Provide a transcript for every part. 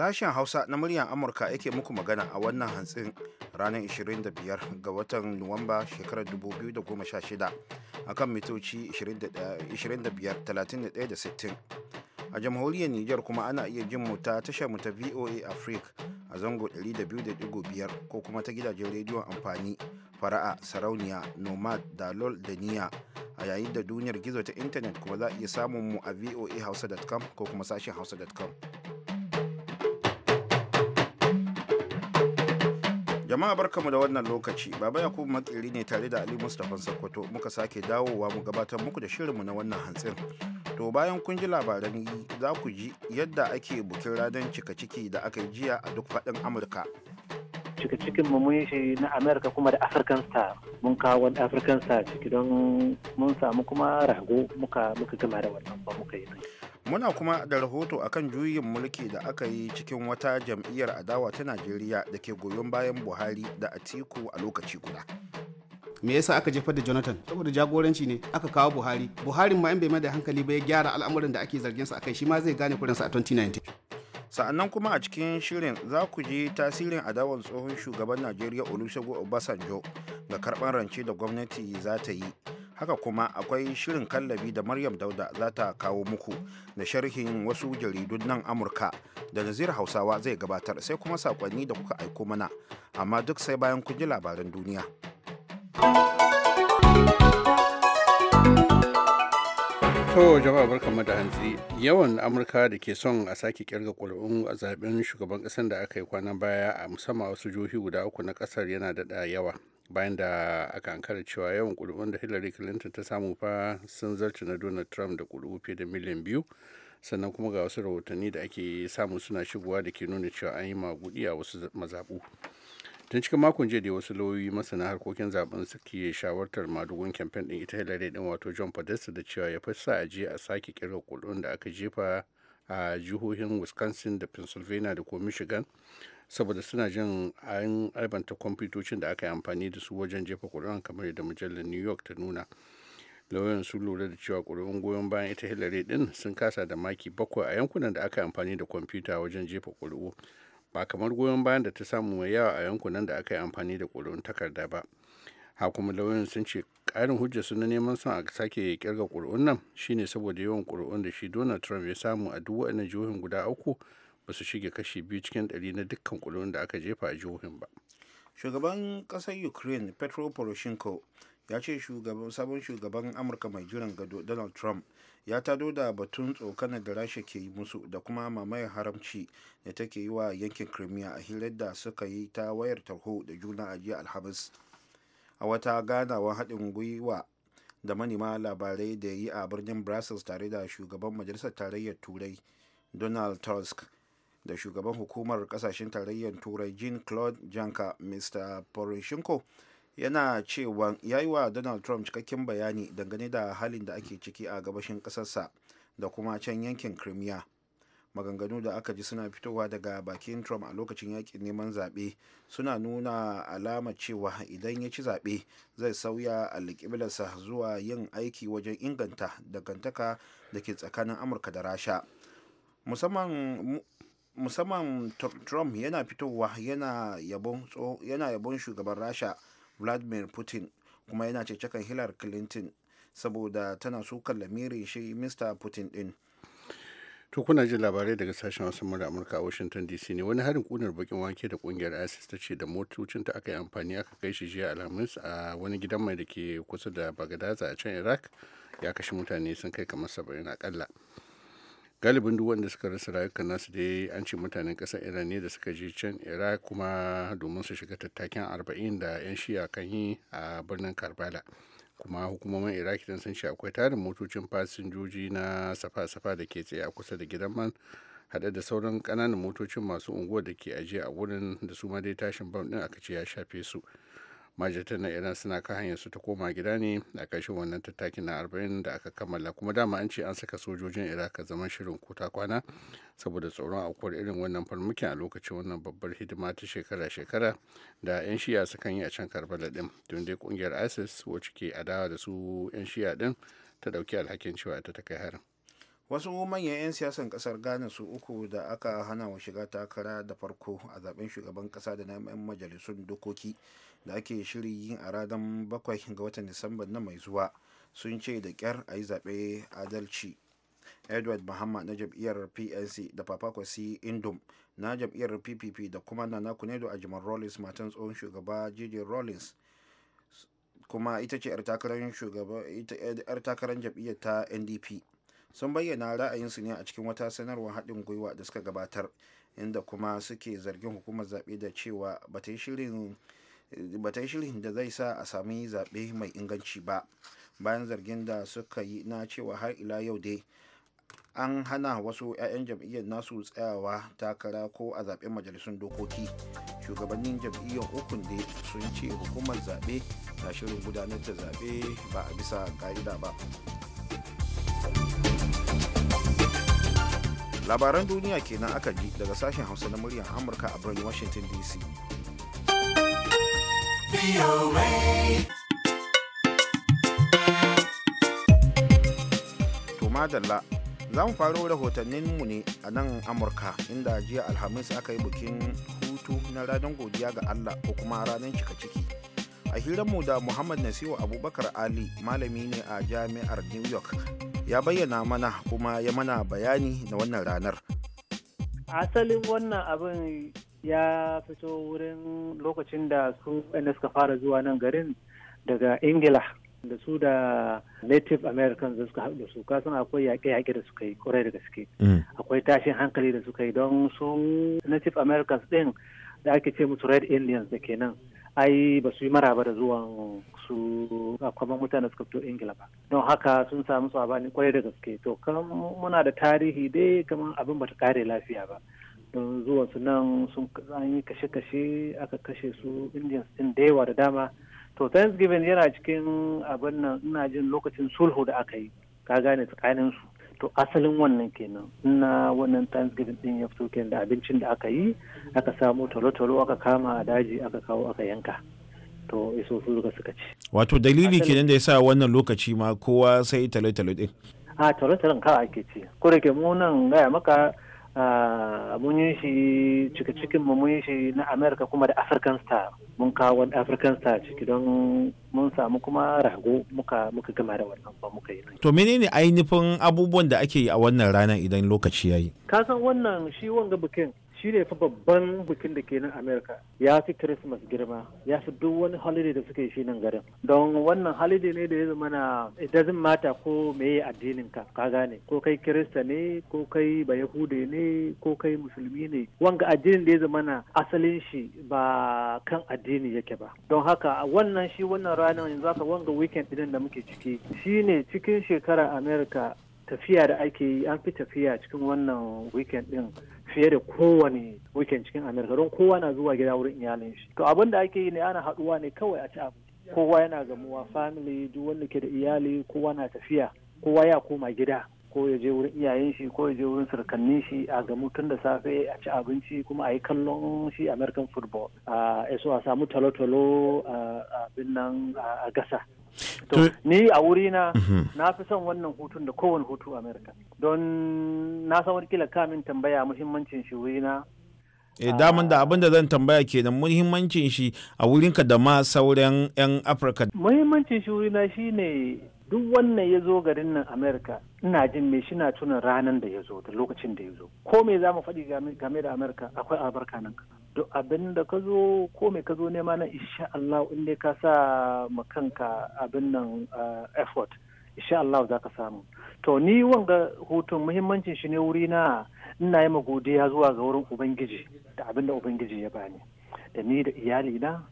Sashen Hausa na muryar Amurka yake muku magana a wannan hantsin ranar 25 ga watan Nuwamba shekarar 2016 akan mitoci 25 da 60. Eh, a jamhuriyar Nijar kuma ana iya jin mu ta tashar mu ta VOA Africa a zango 200.5 ko kuma ta gidajen rediyon amfani fara'a sarauniya nomad da lol da niya a yayin da duniyar gizo ta intanet kuma za a iya samun mu a voahausa.com ko kuma sashen hausa.com. jama'a barkamu da wannan lokaci baba yakub matsiri ne tare da ali mustapha sokoto muka sake dawowa mu gabatar muku da mu na wannan hantsin to bayan kun ji labaran za ku ji yadda ake bukin ranar cika ciki da aka yi jiya a duk faɗin amurka cika cikin mu mun shi na amurka kuma da african star mun kawo wani african star ciki don mun samu kuma rago muka muka gama da wannan ba muka yi muna kuma da rahoto akan juyin mulki da aka yi cikin wata jam'iyyar adawa ta najeriya da ke goyon bayan buhari da atiku a lokaci guda me yasa aka jefar da jonathan saboda jagoranci ne aka kawo buhari buhari ma in bai mai da hankali ba ya gyara al'amuran da ake zargin sa akai shi ma zai gane kurinsa a 2019 sa'annan kuma a cikin shirin za ku ji tasirin adawar tsohon shugaban najeriya olusegun obasanjo ga karban rance da gwamnati za ta yi haka kuma akwai shirin kallabi da maryam dauda za ta kawo muku da sharhin wasu jaridun nan amurka da nazir hausawa zai gabatar sai kuma sakonni da kuka aiko mana amma duk sai bayan kun ji labaran duniya To jama'a barkanmu da hantsi yawan amurka da ke son a sake kirga ƙuri'un a zaben shugaban ƙasar da aka yi kwanan baya a musamman wasu jihohi guda uku na ƙasar yana daɗa yawa bayan da aka ankara cewa yawan ƙuri'un da hillary clinton ta samu fa sun zarce na donald trump da kulu fiye da miliyan biyu sannan kuma ga wasu rahotanni da ake samu suna shigowa da ke nuna cewa an yi magudi a wasu mazaɓu tun cikin makon jiya da wasu lauyoyi masana harkokin zaben suke shawartar madugun kamfen din ita hillary din wato john podesta da cewa ya fi sa a je a sake kirga kudin da aka jefa a jihohin wisconsin da pennsylvania da ko michigan saboda suna jin an albanta kwamfutocin da aka yi amfani da su wajen jefa ƙuri'an kamar yadda mujallar new york ta nuna lauyan sun lura da cewa kuri'un goyon bayan ita hillary din sun kasa da maki bakwai a yankunan da aka yi amfani da kwamfuta wajen jefa ƙuri'u ba kamar goyon bayan da ta samu mai yawa a yankunan da aka yi amfani da kuri'un takarda ba ha kuma lauyan sun ce ƙarin hujja su neman son a sake kirga kuri'un nan shine saboda yawan ƙuri'un da shi donald trump ya samu a duk waɗannan jihohin guda uku ba su shige kashi biyu cikin ɗari na dukkan kulun da aka jefa a jihohin ba shugaban ƙasar ukraine petro poroshenko ya ce sabon shugaban amurka mai jiran gado donald trump ya tado da batun tsokana da rasha ke yi musu da kuma mamayar haramci da take yi wa yankin crimea a hirar da suka yi ta wayar tarho da juna a jiya alhamis a wata ganawa haɗin gwiwa da manema labarai da yi a birnin brussels tare da shugaban majalisar tarayyar turai donald tusk da shugaban hukumar kasashen tarayyar turai jean claude janka mr poroshenko yana cewa ya yi wa donald trump cikakken bayani dangane da halin da ake ciki a gabashin ƙasarsa da kuma can yankin crimea maganganu da aka ji suna fitowa daga bakin trump a lokacin yakin neman zaɓe suna nuna alama cewa idan ya ci zaɓe zai sauya alƙiblarsa zuwa yin aiki wajen inganta dangantaka da ke tsakanin amurka da rasha musamman trump yana fitowa yana yabon shugaban rasha vladimir putin kuma yana cikin hillary clinton saboda tana sukan lamiri shi mr putin din to kuna jin labarai daga sashen wasu mura amurka a washington dc ne wani harin kunar bakin wake da kungiyar isis ta ce da motocin ta aka yi amfani aka kai shi jiya alhamis a wani gidan mai da ke kusa da bagadaza a can iraq ya kashe mutane sun kai kamar saba'in akalla galibin duk wanda suka rasa rayukan nasu dai an ce mutanen ƙasar iran ne da suka je can iraq kuma domin su shiga tattakin arba'in da 'yan shiya kan yi a birnin karbala kuma hukumomin iraq don sun ce akwai tarin motocin fasinjoji na safa-safa da ke tsaye a kusa da gidan man haɗe da sauran ƙananan motocin masu unguwa da ke ajiye a wurin da su ma dai tashin bam ɗin aka ce ya shafe su majalitar na iran suna kan hanyar su ta koma gida ne a ƙarshen wannan tattakin na arba'in da aka kammala kuma dama an ce an saka sojojin iraq zaman shirin kuta kwana saboda tsoron aukuwar irin wannan farmakin a lokacin wannan babbar hidima ta shekara-shekara da 'yan shiya sukan yi a can karbala din tun dai kungiyar isis wacce ke adawa da su 'yan shiya din ta dauki alhakin cewa ita ta kai harin wasu manyan 'yan siyasan kasar ghana su uku da aka hana wa shiga takara da farko a zaben shugaban kasa da na 'yan majalisun dokoki da ake shiri yin a ranar bakwai ga watan disamba na mai zuwa sun ce da kyar a yi zaɓe adalci edward muhammad na jam'iyyar pnc da papakwasi indom na jam'iyyar ppp da kuma nana kunedo a jimar rollins matan tsohon shugaba jj rollins kuma ita ce 'yar takarar jam'iyyar ta ndp sun bayyana ra'ayinsu ne a cikin wata sanarwar haɗin gwiwa da suka gabatar inda kuma suke zargin hukumar zaɓe da cewa bata yi shirin da zai sa a sami zaɓe mai inganci ba bayan zargin da suka yi na cewa har ila yau dai an hana wasu 'ya'yan jam'iyyar nasu tsayawa takara ko a zaɓen majalisun dokoki shugabannin jam'iyyar ukun da sun ce hukumar zaɓe na shirin gudanar da zaɓe ba a bisa ƙa'ida ba labaran duniya kenan aka ji daga sashen hausa na muryar amurka a birnin washington dc to madalla za mu faro mu ne a nan amurka inda jiya alhamis aka yi bikin hutu na ranar godiya ga allah ko kuma ranar cika ciki a hiranmu da muhammad nasiru abubakar ali malami ne a jami'ar new york ya bayyana mana kuma ya mana bayani na wannan ranar asalin wannan abin ya fito wurin lokacin da su wanda suka fara zuwa nan garin daga ingila da su da native americans da suka da su kasan akwai yaƙe-yaƙe da suka yi kwarai da gaske mm. akwai tashin hankali da suka yi don su native americans ɗin da ake ce musu red indians da kenan nan ai ba su yi maraba da zuwan su akwai mutane suka fito ingila ba don haka sun samu abani kwarai da gaske to kan muna da tarihi dai kamar abin bata kare lafiya ba don zuwan su nan sun an yi kashe-kashe aka kashe su indians din da yawa da dama to thanksgiving yana cikin abin nan ina jin lokacin sulhu da aka yi ka gane tsakanin su to asalin wannan kenan na wannan thanksgiving din ya fito kenan da abincin da aka yi aka samu talo-talo aka kama a daji aka kawo aka yanka to iso su suka suka ci wato dalili kenan da yasa wannan lokaci ma kowa sai talo-talo din a talo-talon kawai ake ci ko da mu nan gaya maka Ah, mun yi shi cikin cikin mu mun yi shi na america kuma da african star mun kawo wani african star ciki don mun samu kuma rago muka muka gama da wannan ba muka yi to menene ainihin abubuwan da ake yi a wannan ranar idan lokaci yayi ka san wannan shi wanga bikin shi ne fa babban bikin da ke nan america ya fi christmas girma ya fi duk wani holiday da suke shi nan garin don wannan holiday ne da ya zama na it doesn't matter ko meye addinin ka ka gane ko kai kirista ne ko kai ba ne ko kai musulmi ne wanga addinin da ya zama na asalin shi ba kan addini yake ba don haka wannan shi wannan ranar yanzu haka wanga weekend din da muke ciki shi ne cikin shekarar america tafiya da ake yi an fi tafiya cikin wannan weekend din fiye da kowane weekend cikin amerika don kowa na zuwa gida wurin iyalin shi to abin da ake yi ne ana haduwa ne kawai a ci abinci kowa yana gamuwa family duk wanda ke da iyali kowa na tafiya kowa ya koma gida ko ya je wurin iyayen shi ko ya je wurin surkannin shi a gamu tun da safe a ci abinci kuma a yi kallon shi american football a so a samu talo-talo a nan a gasa to ni a wurina mhm. na fi son wannan hutun da kowane hutu a america don na san wani kila kamin tambaya muhimmancin shi wurina. na eh, ah. e daman da abin zan tambaya kenan muhimmancin shi a wurinka da ma sauran 'yan afirka muhimmancin shi wurina shi ne duk wannan ya zo garin nan amerika ina jin me shi na tuna ranar da ya zo da lokacin da ya zo ko me za mu faɗi game da amerika akwai albarka nan duk abin da ka zo ko mai ka zo nema na insha Allah in dai ka sa ma kanka abin nan eh, effort insha Allah za ka samu to ni wanga hutun muhimmancin shi ne wuri na ina yi godiya zuwa ga wurin ubangiji da abin da ubangiji ya bani da ni da iyali na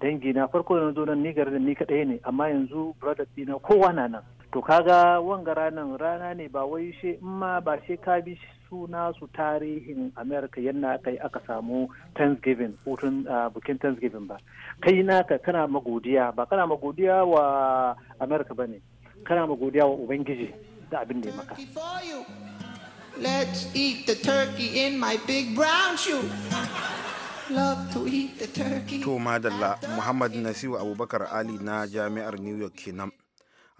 dangi na farko da zo nan ni da ni kadai ne amma yanzu brother dina kowa na nan to kaga wanga ranan rana ne ba wai she in ma ba she ka bi suna su tarihin america yana kai aka samu thanksgiving hutun bukin thanksgiving ba kai naka kana magodiya ba kana magodiya wa america ba ne kana magodiya wa ubangiji da abin da ya maka To madalla Muhammad Nasiru Abubakar Ali na Jami'ar New York kenan.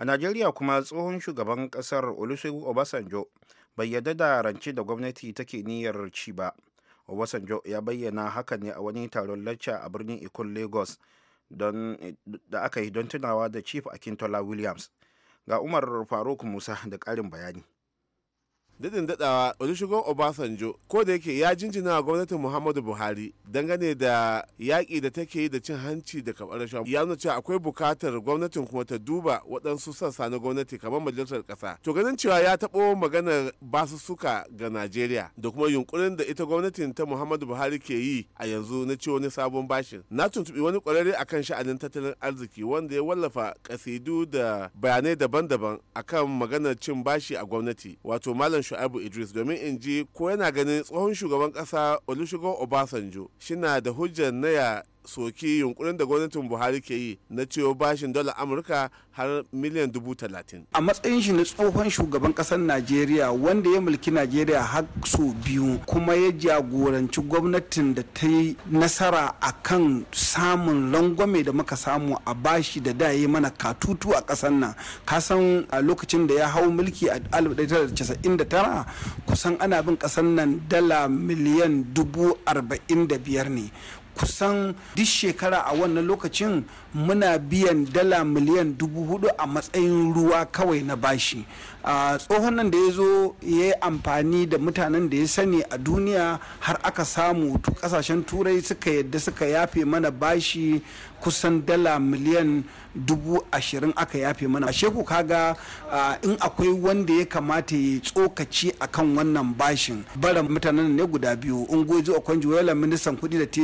A Najeriya kuma tsohon shugaban kasar Olusegun Obasanjo bai yarda da rance da gwamnati take niyyar ci ba obasanjo ya bayyana haka ne a wani taron lacca a birnin ikon lagos da aka yi don tunawa da chief akintola williams ga umar faruk musa da karin bayani dadin dadawa olusegun obasanjo ko da yake ya jinjina wa gwamnatin muhammadu buhari dangane da yaƙi da take yi da cin hanci da karɓar rashawa ya nuna cewa akwai bukatar gwamnatin kuma ta duba waɗansu sassa na gwamnati kamar majalisar ƙasa to ganin cewa ya taɓo maganar basussuka ga najeriya da kuma yunkurin da ita gwamnatin ta muhammadu buhari ke yi a yanzu na ci wani sabon bashin na tuntuɓi wani ƙwararre akan sha'anin tattalin arziki wanda ya wallafa ƙasidu da bayanai daban-daban akan maganar cin bashi a gwamnati wato malam shu'abu idris domin in ji ko yana ganin tsohon shugaban kasa olusegun obasanjo shina da hujjar naya soki yunkurin da gwamnatin buhari ke yi na cewa bashin dala amurka har miliyan dubu talatin a matsayin shi na tsohon shugaban kasar najeriya wanda ya mulki najeriya har so biyu kuma ya jagoranci gwamnatin da ta yi nasara a kan samun langwame da muka samu a bashi da da ya mana katutu a kasar nan kasan a lokacin da ya hau mulki a 1999 kusan ana bin kasar nan dala miliyan dubu arba'in da biyar ne kusan duk shekara a wannan lokacin muna biyan dala miliyan dubu hudu a matsayin ruwa kawai na bashi a tsohon nan da ya zo ya yi amfani da mutanen da ya sani a duniya har aka samu kasashen turai suka yadda suka yafe mana bashi kusan dala miliyan dubu ashirin aka yafe mana sheku kaga in akwai wanda ya kamata ya tsokaci akan wannan bashin bara mutanen ne guda biyu in zuwa a kwanjuwela ministan kudi da ta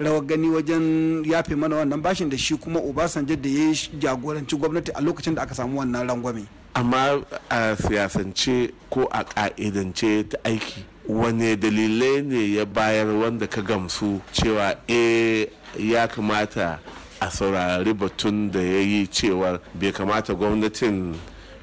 rawa gani wajen yafe mana wannan bashin da shi kuma obasanjo da ya jagoranci gwamnati a lokacin da aka samu wannan rangwame amma a siyasance ko a ƙa'idance ta aiki wane dalilai ne ya bayar wanda ka gamsu cewa e ya kamata a saurari batun da ya yi cewar bai kamata gwamnatin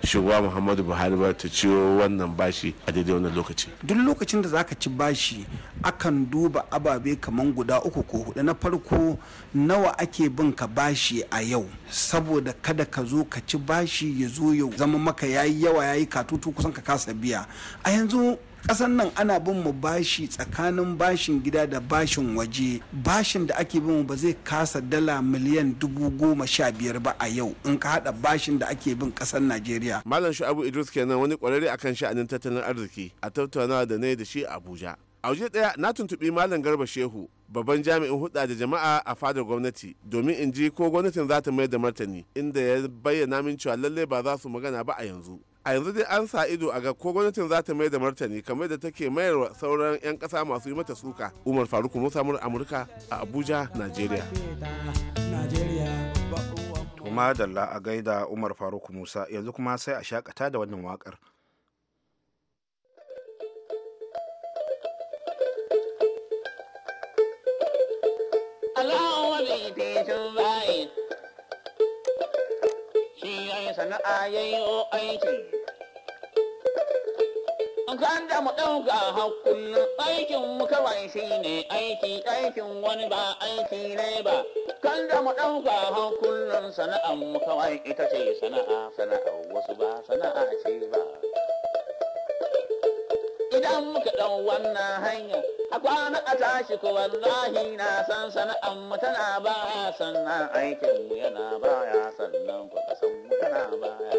shugaba muhammadu buhari ba ta ciwo wannan bashi a daidai wannan lokaci duk lokacin da zaka ci bashi akan duba ababe kaman guda uku ko hudu na farko nawa ake bin ka bashi a yau saboda kada ka zo ka ci bashi ya zo yau zama maka yayi yawa yayi katutu kusan ka kasa biya a yanzu kasan nan ana bin mu bashi tsakanin bashin gida da bashin waje bashin da ake bin mu ba zai kasa dala miliyan dubu goma sha biyar ba a yau in ka haɗa bashin da ake bin kasan najeriya malam shu'abu idris kenan wani kwararre akan sha'anin tattalin arziki a tattaunawa da na da shi abuja a waje daya na tuntuɓi malam garba shehu babban jami'in hudda da jama'a a fadar gwamnati domin in ji ko gwamnatin za ta mai da martani inda ya bayyana min cewa lallai ba za su magana ba a yanzu a yanzu dai an sa ido a ga ko gwamnatin za ta mai da martani kamar da take mayar sauran 'yan kasa masu yi mata suka umar faruk musa amurka a abuja nigeria kuma dalla a gaida umar faruk musa yanzu kuma sai a shakata da wannan wakar. sana'a ya o aiki da mu ɗauka hakkun aikin mu kawai shi ne aiki aikin wani ba aiki ne ba kan da mu ɗauka hakkun sana'an mu kawai ita ce sana'a sana'a wasu ba sana'a ce ba idan muka ɗau wannan hanya a kwana a tashi ko wallahi na san sana'an mu tana ba sannan aikin mu yana baya sannan ku san tana baya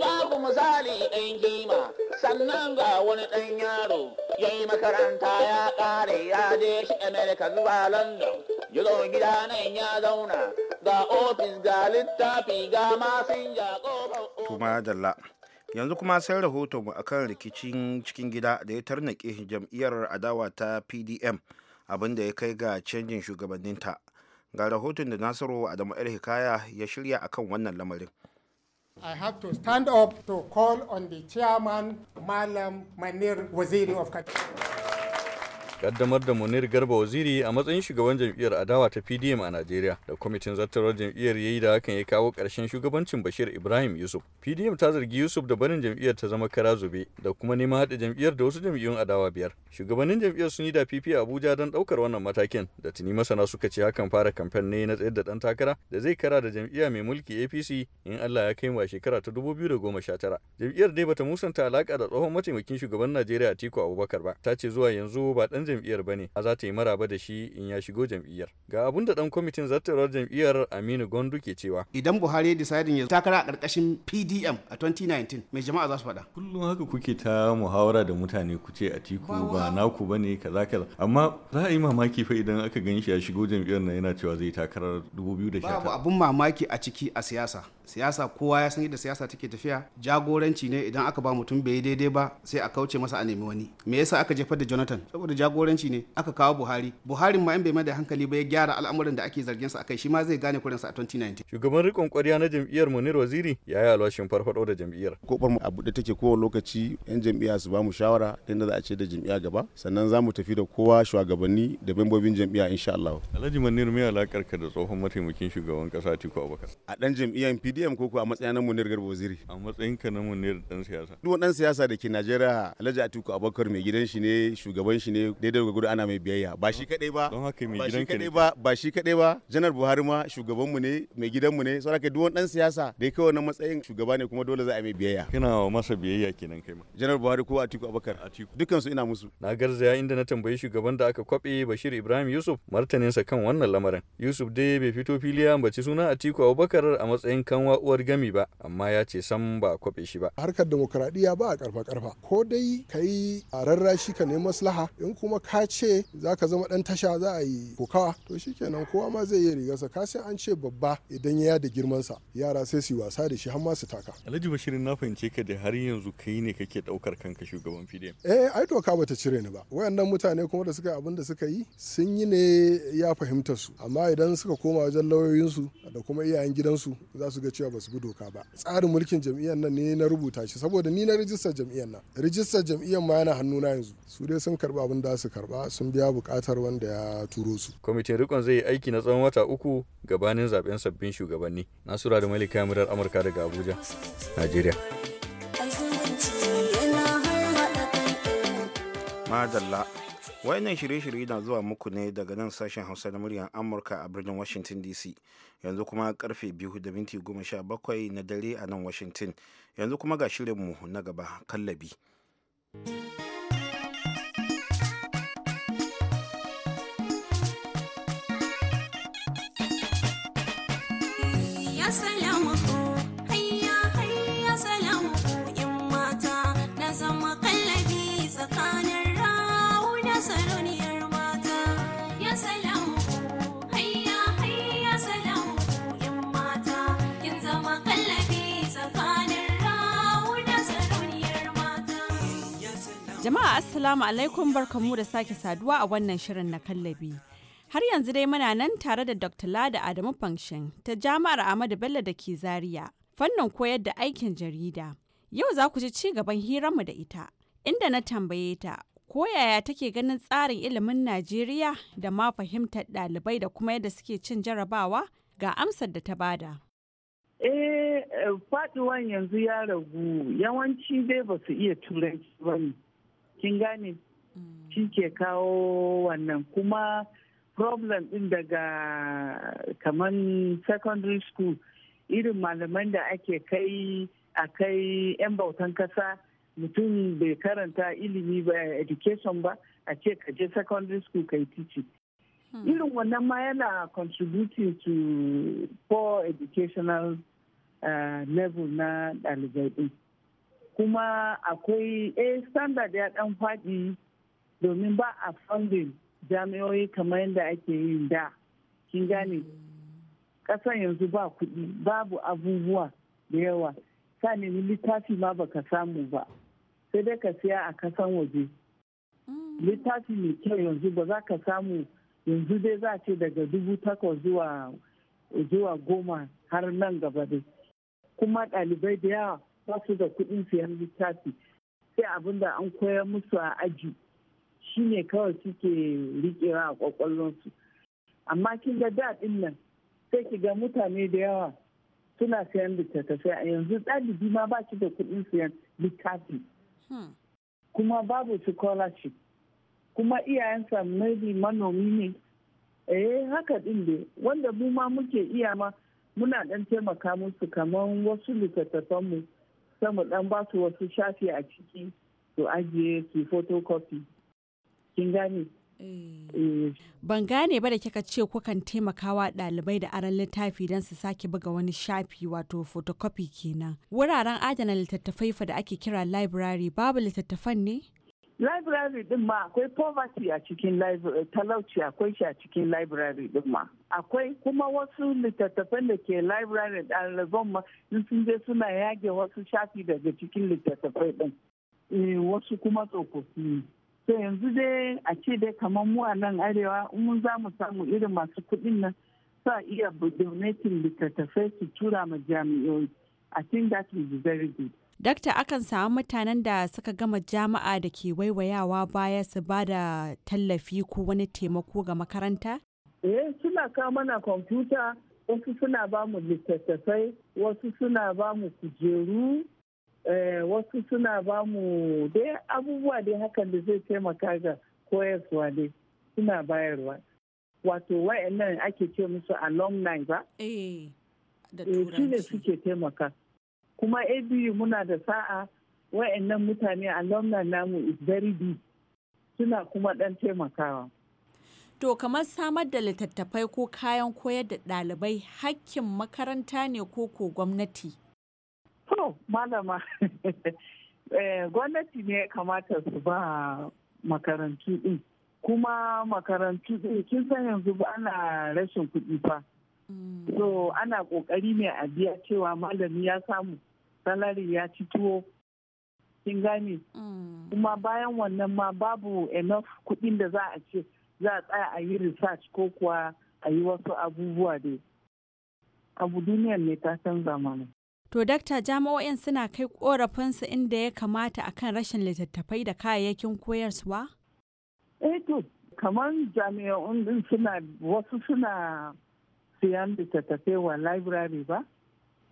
babu misali ɗan kima sannan ga wani ɗan yaro ya yi makaranta ya ƙare ya je shi amerika zuwa london ya zo gida nan ya zauna ga ofis ga littafi ga masin ya kuma yanzu kuma sai rahoton mu kan rikicin cikin gida da ya tarnake jam'iyyar adawa ta pdm abinda ya kai ga canjin shugabanninta ga rahoton da nasiru adamu 'yar hikaya ya shirya akan wannan lamarin I have to stand up to call on the chairman, Malam Manir Waziri of Qatar. kaddamar da munir garba waziri a matsayin shugaban jam'iyyar adawa ta pdm a najeriya da kwamitin zattarar jam'iyyar ya yi da hakan ya kawo ƙarshen shugabancin bashir ibrahim yusuf pdm ta zargi yusuf da barin jam'iyyar ta zama kara zube da kuma neman haɗa jam'iyyar da wasu jam'iyyun adawa biyar shugabannin jam'iyyar sun yi da pp a abuja don ɗaukar wannan matakin da tuni masana suka ce hakan fara kamfen ne na tsayar da ɗan takara da zai kara da jam'iyya mai mulki apc in allah ya kai wa shekara ta dubu biyu da tara jam'iyyar dai bata musanta alaƙa da tsohon mataimakin shugaban najeriya atiku abubakar ba ta ce zuwa yanzu ba ɗan jam'iyyar ba ne a za ta yi maraba da shi in ya shigo jam'iyyar ga abun da dan kwamitin zartarwar jam'iyyar aminu gondu ke cewa idan buhari ya decidin ya takara a karkashin pdm a 2019 mai jama'a za su faɗa kullum haka kuke ta muhawara da mutane ku ce a tiku ba naku ba ne kaza kaza amma za a yi mamaki fa idan aka gan shi ya shigo jam'iyyar na yana cewa zai takarar 2019 babu abun mamaki a ciki a siyasa siyasa kowa ya san yadda siyasa take tafiya jagoranci ne idan aka ba mutum bai daidai ba sai a kauce masa a nemi wani me yasa aka jefar da jonathan saboda jagoranci jagoranci ne aka kawo buhari buhari ma in bai mai da hankali ba ya gyara al'amuran da ake zargin sa akai shi ma zai gane kurinsa a 2019 shugaban rikon kwariya na jam'iyyar munir waziri ya yi alwashin farfado da jam'iyyar kofar mu a buɗe take kowane lokaci yan jam'iyya su ba mu shawara inda za a ce da jam'iyya gaba sannan za mu tafi da kowa shugabanni da membobin jam'iyya insha Allah alhaji munir me alakar ka da tsohon mataimakin shugaban kasa Atiku Abubakar a dan jam'iyyar PDM ko a matsayin munir garba waziri a matsayin ka na munir dan siyasa duk dan siyasa da ke Najeriya alhaji Atiku Abubakar mai gidan shi ne shugaban shi ne daidai gwagwado ana mai biyayya ba shi kadai ba ba shi kadai ba ba shi kadai ba janar buhari ma shugaban mu ne mai gidan mu ne saboda kai duwon dan siyasa da kai wannan matsayin shugaba ne kuma dole za a mai biyayya kina wa masa biyayya kenan kai ma janar buhari ko atiku abakar atiku dukkan su ina musu na garzaya inda na tambayi shugaban da aka kwabe bashir ibrahim yusuf sa kan wannan lamarin yusuf dai bai fito filiya ya suna atiku abakar a matsayin kanwa uwar gami ba amma ya ce sam ba kwabe shi ba harkar demokradiya ba a karfa karfa ko dai kai a rarrashi ka ne maslaha in kuma kuma ka ce za ka zama dan tasha za a yi kokawa to shi shikenan kowa ma zai yi rigarsa ka san an ce babba idan ya da girmansa yara sai su yi wasa da shi har ma su taka alhaji bashir na fahimce ka da har yanzu kai ne kake daukar kanka shugaban pdm eh ai to ka bata cire ni ba wayannan mutane kuma da suka abin da suka yi sun yi ne ya fahimta su amma idan suka koma wajen lauyoyinsu da kuma iyayen gidansu za su ga cewa ba su bi doka ba tsarin mulkin jam'iyyar nan ne na rubuta shi saboda ni na rijistar jam'iyyar nan rijistar jam'iyyar ma yana hannuna yanzu su dai sun karbi abin da su karba sun biya bukatar wanda ya turo su kwamitin rikon zai yi aiki na tsawon wata uku gabanin zaben sabbin shugabanni nasura da malika murar amurka daga abuja najeriya madalla wayannan shirye-shirye na zuwa muku ne daga nan sashen hausa na muryar amurka a birnin washington dc yanzu kuma karfe biyu da minti goma sha bakwai na dare a nan washington yanzu kuma ga shirinmu na gaba kallabi. Jama'a Assalamu alaikum barkamu da sake saduwa a wannan shirin na kallabi. Har yanzu dai muna nan tare da Dr. Lada Adamu Function ta Jami'ar Ahmadu Bello da ke Zaria, fannin koyar da aikin jarida. Yau za ku ji ci gaban hiranmu da ita, inda na tambaye ta ko yaya take ganin tsarin ilimin Najeriya da ma fahimtar ɗalibai da kuma yadda suke cin jarabawa ga amsar da ta bada. Eh, eh faduwan yanzu ya ragu yawanci dai ba su iya turanci ba ne. kin gane mm. shi ke kawo wannan kuma problem din daga kaman secondary school irin malaman da ake kai a kai 'yan bautan kasa mutum bai karanta ilimi ba education ba a ce ka je secondary school kai tici hmm. irin wannan ma yana contributing to poor educational eh, level na ɗalibai din kuma akwai a eh, standard ya dan fadi domin ba a funding jami'oi kamar yadda ake yin da kin gane kasan yanzu ba kudi babu abubuwa da yawa sani nemi littafi ma baka samu ba sai dai ka siya a kasan waje mm. littafi mai kyau yanzu ba za ka samu yanzu dai za ce daga dubu takwas zuwa zuwa goma har nan gaba dai kuma ɗalibai da yawa ba su da kuɗin siyan littafi sai abin da an koyar musu a aji shine kawai suke riƙewa a ƙwaƙwallonsu amma kin ga da ɗin nan sai ki ga mutane da yawa suna siyan littattafai a yanzu ɗalibi ma ba shi da kuɗin siyan littafi hmm. kuma babu scholarship kuma iyayensa maybe manomi ne eh haka ɗin dai wanda mu ma muke iya ma muna ɗan taimaka musu kamar wasu littattafan mu mu dan ba su wasu shafi a ciki su ajiye su photocopy kin gane eh. Eh. ban gane ba da kika ce kukan taimakawa dalibai da aran littafi don su sake buga wani shafi wato photocopy kenan wuraren adana littattafai fa da ake kira library babu littattafan ne library din ma akwai poverty a cikin eh, talauci akwai shi a cikin library din ma akwai kuma wasu littattafan da ke library ɗaliban ma sun je suna yage wasu shafi daga cikin littattafai din eh, wasu kuma tsofaffi to yanzu dai a ce dai kamar mu a nan arewa mun za mu samu irin masu kuɗin nan sa iya donating littattafai su tura ma jami'oi i think that is very good Dakta akan samu mutanen da suka gama jama'a da ke waiwayawa baya su ba da tallafi ko wani taimako ga makaranta? Eh, suna kawo mana kwamfuta, wasu suna ba mu littattafai, wasu suna ba mu kujeru, eh, wasu suna ba mu dai abubuwa dai hakan da zai taimaka ga koyarwa dai suna bayarwa. Wato wayannan ake ce musu alumni ba? Eh, da eh, turanci. Eh, suke taimaka. kuma abu muna da sa'a wa'annan mutane a alumna namu is very deep suna kuma dan taimakawa to kamar samar da littattafai ko kayan koyar da ɗalibai hakkin makaranta ne ko ko gwamnati to malama eh, gwamnati ne ya kamata su ba makarantu din kuma makarantu din kin san yanzu ana rashin kuɗi fa mm. so ana ƙoƙari ne a biya cewa malami ya samu salari ya ci tuwo kin gane mm. kuma bayan wannan ma babu enough kuɗin da za a ce za a tsaya a yi research ko kuwa a yi wasu abubuwa da abu duniyar ne ta san zamani. To, dakta jami'o'in suna kai korafinsu inda ya kamata akan rashin littattafai da kayayyakin koyarwa? Eh to, kamar jami'o'in din suna wasu suna siyan littattafai wa library ba,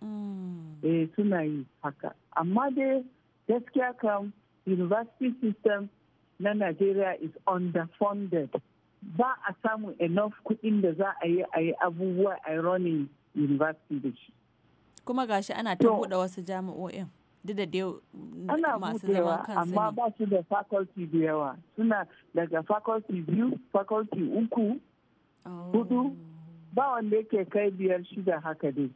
Mm. eh suna yi haka amma dai gaskiya kam university system na nigeria is underfunded ba a samu enough kuɗin da za a yi a yi abubuwa a running university da shi kuma gashi ana ta buɗe wasu jami'o'in duk da dai masu zama kansu amma ba su da faculty da yawa suna daga faculty biyu faculty uku oh. hudu ba wanda yake kai biyar shida haka dai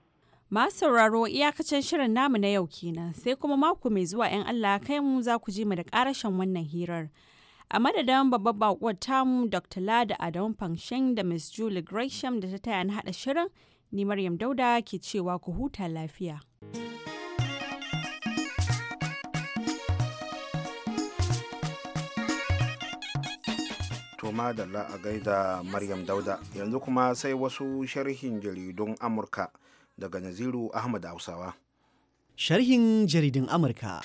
Masu sauraro iyakacin shirin namu na yau kenan sai kuma mako mai zuwa 'yan Allah kai mu za ku ji mu da karashin wannan hirar. A madadin babbar bakuwar tamu Dr. Lada Adamu Fangshen da Miss Julie Gresham da ta taya na haɗa shirin, ni Maryam Dauda ke cewa ku huta lafiya. Toma da a gaida Maryam Dauda yanzu kuma sai wasu sharhin jaridun Amurka. daga Naziru Ahmad Hausawa. Sharhin jaridin Amurka.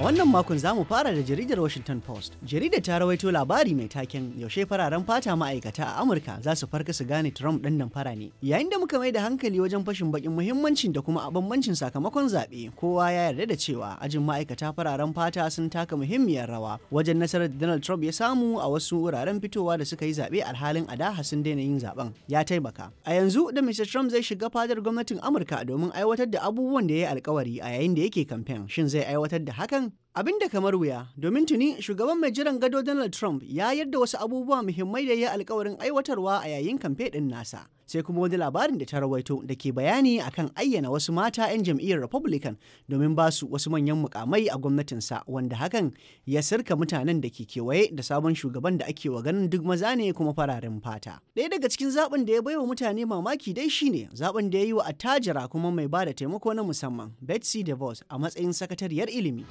A wannan makon za mu fara da jaridar Washington Post. Jaridar ta rawaito labari mai taken yaushe fararen fata ma'aikata a Amurka za su farka su gane Trump ɗan nan fara ne. Yayin da muka mai da hankali wajen fashin bakin muhimmancin da kuma abambancin sakamakon zaɓe, kowa ya yarda da cewa ajin ma'aikata fararen fata sun taka muhimmiyar rawa wajen nasarar da Donald Trump ya samu a wasu wuraren fitowa da suka yi zaɓe alhalin a daha sun daina yin zaɓen ya taimaka. A yanzu da Mr. Trump zai shiga fadar gwamnatin Amurka domin aiwatar da abubuwan da ya yi alkawari a yayin da yake kamfen shin zai aiwatar da hakan Abin da kamar wuya, domin tuni shugaban mai jiran gado Donald Trump ya yarda wasu abubuwa muhimmai da ya alkawarin aiwatarwa a yayin kamfe ɗin nasa. Sai kuma wani labarin da ta rawaito da ke bayani akan ayyana wasu mata 'yan jam'iyyar Republican domin ba su wasu manyan mukamai a gwamnatinsa wanda hakan ya sirka mutanen da ke kewaye da sabon shugaban da ake wa ganin duk maza ne kuma fararen fata. Ɗaya daga cikin zaɓin da ya baiwa mutane mamaki dai shine zaɓin da ya yi wa attajira kuma mai ba da taimako na musamman Betsy DeVos a matsayin sakatariyar ilimi.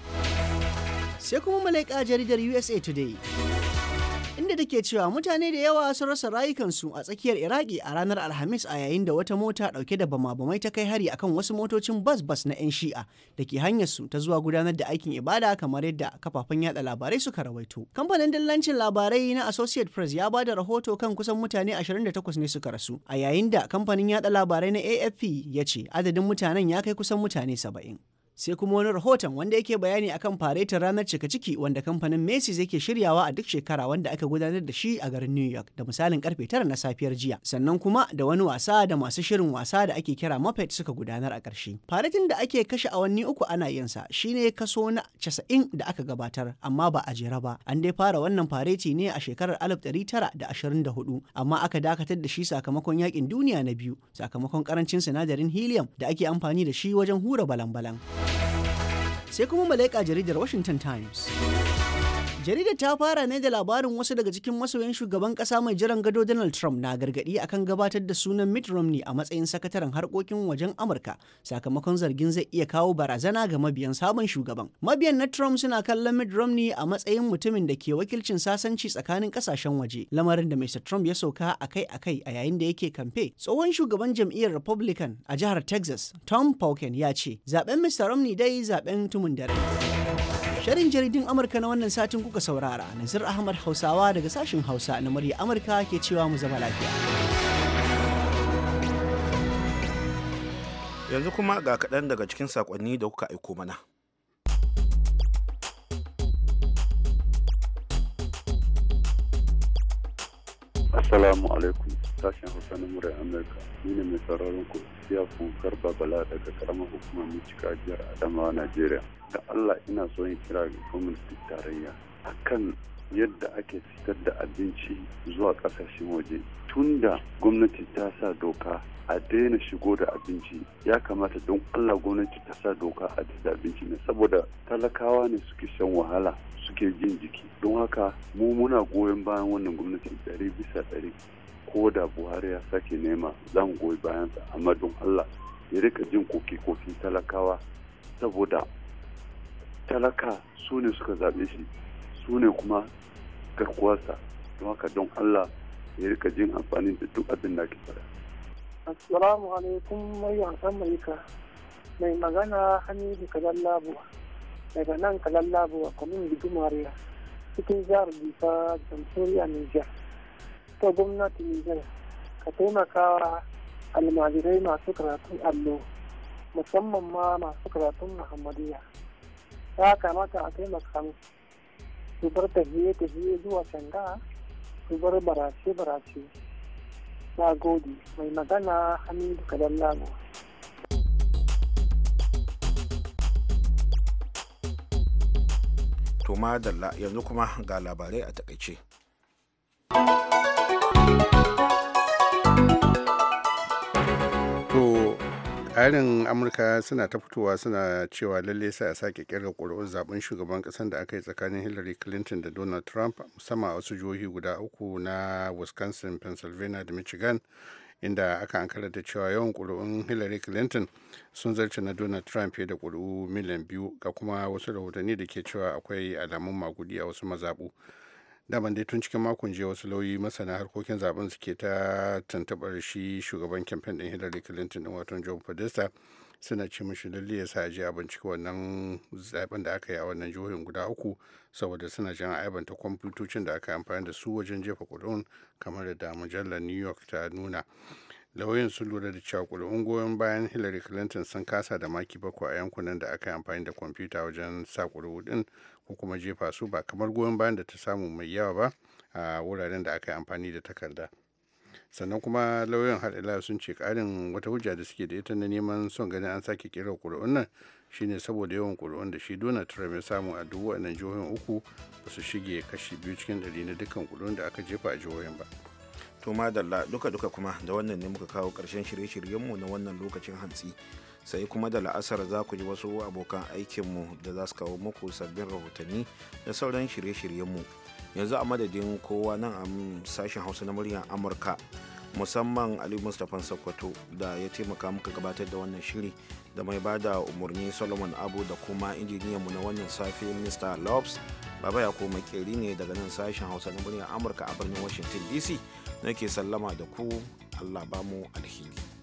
Sai kuma malaika jaridar USA Today. Inda take cewa mutane da yawa sun rasa rayukansu a tsakiyar Iraki a ranar Alhamis a yayin da wata mota dauke da bama-bamai ta kai hari akan wasu motocin bas-bas na 'yan shi'a da ke hanyarsu ta zuwa gudanar da aikin ibada kamar yadda kafafen yada labarai suka rawaito. Kamfanin dillancin labarai na Associate Press ya bada rahoto kan kusan mutane 28 ne suka rasu, a yayin da kamfanin yada labarai na AFP ya ce adadin mutanen ya kai kusan mutane 70. sai kuma wani rahoton wanda yake bayani akan faretin ranar cika ciki wanda kamfanin Macy's yake shiryawa a duk shekara wanda aka gudanar da shi a garin New York da misalin karfe 9 na safiyar jiya sannan kuma da wani wasa da masu shirin wasa da ake kira Muppet suka gudanar a ƙarshe faretin da ake kashe awanni uku ana yin sa shine kaso na 90 da aka gabatar amma ba a jera ba an dai fara wannan fareti ne a shekarar 1924 amma aka dakatar da shi sakamakon yakin duniya na biyu sakamakon karancin sinadarin helium da ake amfani da shi wajen hura balan-balan. sai kuma mu jaridar Washington Times. Jaridar ta fara ne da labarin wasu daga cikin masoyan shugaban kasa mai jiran gado Donald Trump na gargadi akan gabatar da sunan Mitt Romney a matsayin sakataren harkokin wajen Amurka sakamakon zargin zai iya kawo barazana ga mabiyan sabon shugaban. Mabiyan na Trump suna kallon Mitt Romney a matsayin mutumin da ke wakilcin sasanci tsakanin kasashen waje, lamarin da Mr. Trump ya sauka akai-akai a yayin da yake kamfe. Tsohon shugaban jam'iyyar Republican a jihar Texas, Tom Pauken ya ce, zaben Mr. Romney dai zaben tumun dare. Sharin jaridin Amurka na wannan satin kuka saurara, Nazir Ahmad Hausawa daga sashin Hausa na murya Amurka ke cewa mu zama lafiya. Yanzu kuma ga kaɗan daga cikin saƙonni da kuka aiko mana. Assalamu alaikum sashen hausa na murar amurka ni ne mai sauraron ku siya ku bala daga karamar hukumar micika jihar adamawa najeriya da allah ina so yin kira ga gwamnati tarayya akan yadda ake fitar da abinci zuwa kasashen waje tunda gwamnati ta sa doka a daina shigo da abinci ya kamata don allah gwamnati ta sa doka a da abinci ne saboda talakawa ne suke shan wahala suke jin jiki don haka mu muna goyon bayan wannan gwamnati ɗari bisa ɗari ko da buhari ya sake nema zan goyi bayansa amma don allah ya rika jin koke koke talakawa saboda talaka su ne suka zaɓe shi su ne kuma garkuwarsa don haka don allah ya rika jin amfani da duk abin da ake fara. assalamu alaikum mai wasan ka mai magana hamidu labuwa daga nan labuwa kwamin mariya cikin jihar bisa jamhuriya niger ta gwamnati Nijar ka taimakawa almajirai masu karatun allo musamman ma masu karatun muhammadiya ya kamata a taimaka zubar su bar tafiye-tafiye zuwa shanga su bar barace-barace na gode mai magana hamidu kadan lago to yanzu kuma ga labarai a takaice. ƙarin amurka suna ta fitowa suna cewa lalle sai a sake kirga kuri'un zaben shugaban ƙasar da aka yi tsakanin hillary clinton da donald trump musamman a wasu jihohi guda uku na wisconsin pennsylvania da michigan inda aka an da cewa yawan kuri'un hillary clinton sun zarce na donald trump fiye da kuri'u miliyan biyu ga kuma wasu rahotanni da ke cewa akwai alamun magudi a wasu mazaɓu daman dai tun cikin makon jiya wasu lauyi masana harkokin zaben suke ta tantabar shi shugaban kamfen din hillary clinton din watan john podesta suna ce mishi lalle ya sa ji a bincike wannan zaben da aka yi a wannan jihohin guda uku saboda suna jan aibanta kwamfutocin da aka amfani da su wajen jefa kudin kamar da mujallar new york ta nuna lauyin sun lura da cewa kuri'un goyon bayan hillary clinton sun kasa da maki bakwai a yankunan da aka yi amfani da kwamfuta wajen sa kuri'u ko kuma jefa su ba kamar goyon bayan da ta samu mai yawa ba a wuraren da aka yi amfani da takarda sannan kuma lauyan ila sun ce karin wata hujja da suke da ita na neman son ganin an sake kira kuri'un nan shine saboda yawan kuri'un da shi donald trump ya samu a dubu jihohin uku ba su shige kashi biyu cikin ɗari na dukkan kuri'un da aka jefa a jihohin ba to madalla duka-duka kuma da wannan ne muka kawo ƙarshen shirye-shiryenmu na wannan lokacin hantsi sai kuma da la'asar za ku ji wasu abokan aikinmu da za su kawo muku sabbin rahotanni da sauran shirye-shiryenmu yanzu a madadin kowa nan a sashen hausa na muryar amurka musamman ali mustapha sokoto da ya taimaka muka gabatar da wannan shiri da mai ba da umarni solomon abu da kuma injiniyanmu na wannan safe mr lobs baba ya koma keri ne daga nan sashen hausa na muryar amurka a birnin washington dc nake sallama da ku allah bamu alhini